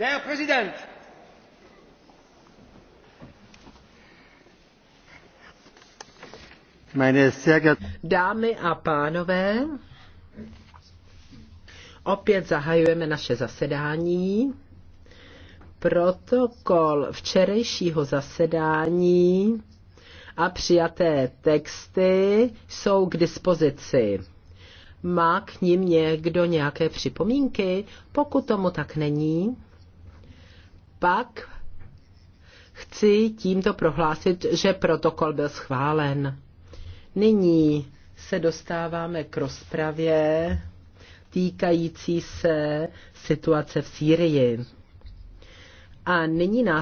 Der Präsident! Dámy a pánové, opět zahajujeme naše zasedání. Protokol včerejšího zasedání a přijaté texty jsou k dispozici. Má k nim někdo nějaké připomínky? Pokud tomu tak není, pak chci tímto prohlásit, že protokol byl schválen. Nyní se dostáváme k rozpravě týkající se situace v Sýrii. A nyní následuje